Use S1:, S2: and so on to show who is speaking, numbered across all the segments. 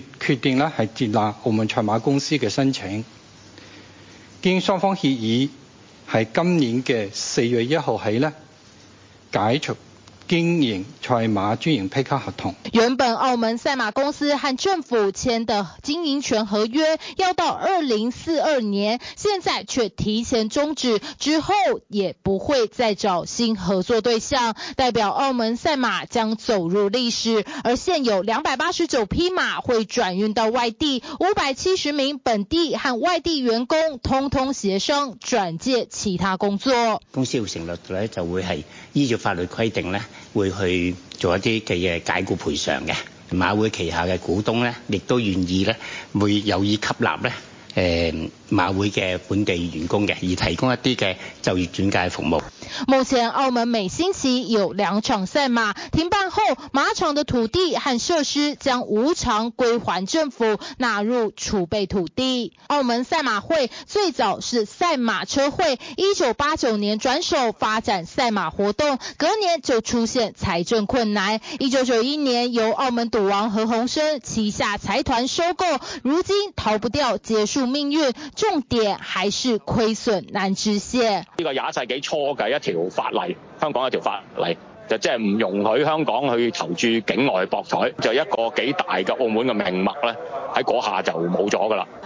S1: 決定接納澳門賽馬公司嘅申請，經雙方協議，喺今年嘅四月一號起解除經營賽馬專營批卡合同，
S2: 原本澳門賽馬公司和政府簽的經營權合約要到二零四二年，現在卻提前終止，之後也不會再找新合作對象，代表澳門賽馬將走入歷史，而現有兩百八十九匹馬會轉運到外地，五百七十名本地和外地員工通通協商轉借其他工
S1: 作。公司要成立咧，就會係。依照法律規定咧，會去做一啲嘅解僱賠償嘅，馬會旗下嘅股東咧，亦都願意咧，會有意吸納咧。誒，馬會嘅本地員工嘅，而提供一啲嘅就業轉介服務。
S2: 目前澳門每星期有兩場賽馬，停辦後，馬場的土地和設施將無償歸還政府，納入儲備土地。澳門賽馬會最早是賽馬車會，一九八九年轉手發展賽馬活動，隔年就出現財政困難。一九九一年由澳門賭王何鴻燊旗下財團收購，如今逃不掉結束。命運重點還是虧損難止歇。呢個
S1: 廿一世紀初嘅一條法，法例，香港一條法例就即係唔容許香港去投注境外博彩，就一個幾大嘅澳門嘅命脈咧，喺嗰下就冇咗噶啦。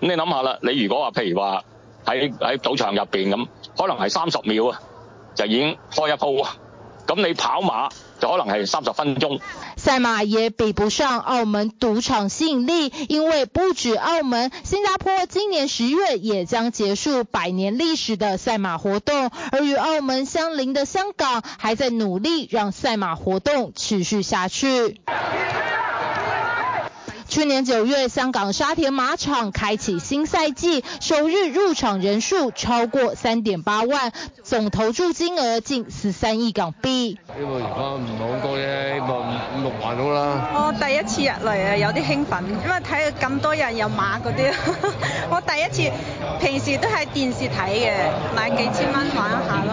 S1: 咁你諗下啦，你如果話譬如話喺喺賭場入邊咁，可能係三十秒啊，就已經開一鋪啊。咁你跑馬就可能係三十分鐘。
S2: 賽馬也比不上澳門賭場吸引力，因為不止澳門，新加坡今年十月也將結束百年歷史的賽馬活動，而與澳門相鄰的香港還在努力讓賽馬活動持續下去。去年九月，香港沙田馬場開啟新賽季，首日入，入場人數超過三點八萬，總投注金額近十三億港幣。
S3: 我第一
S4: 次入嚟啊，有啲興奮，因為睇到咁多人有馬嗰啲， 我第一次，平時都喺電視睇嘅，買幾千蚊玩一下咯。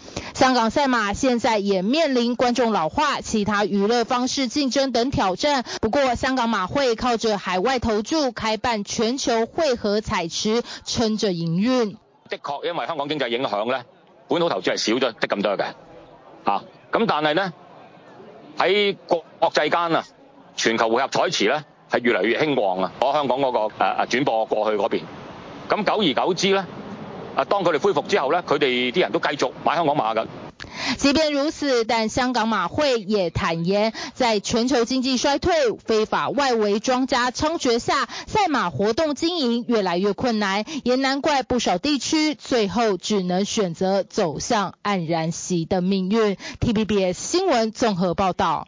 S2: 香港賽馬現在也面臨觀眾老化、其他娛樂方式競爭等挑戰。不過，香港馬會靠着海外投注開辦全球匯合彩池，撐着營運。
S1: 的確，因為香港經濟影響咧，本土投資係少咗的咁多嘅吓。咁、啊、但係咧喺國國際間啊，全球匯合彩池咧係越嚟越興旺啊！我香港嗰、那個誒誒、呃、轉播過去嗰邊，咁久而久之咧。啊！當佢哋恢復之後呢，佢哋啲人都繼續買香港馬㗎。
S2: 即便如此，但香港馬會也坦言，在全球經濟衰退、非法外圍莊家猖獗下，賽馬活動經營越來越困難，也難怪不少地區最後只能選擇走向黯然熄的命運。TVBS 新聞綜合報導。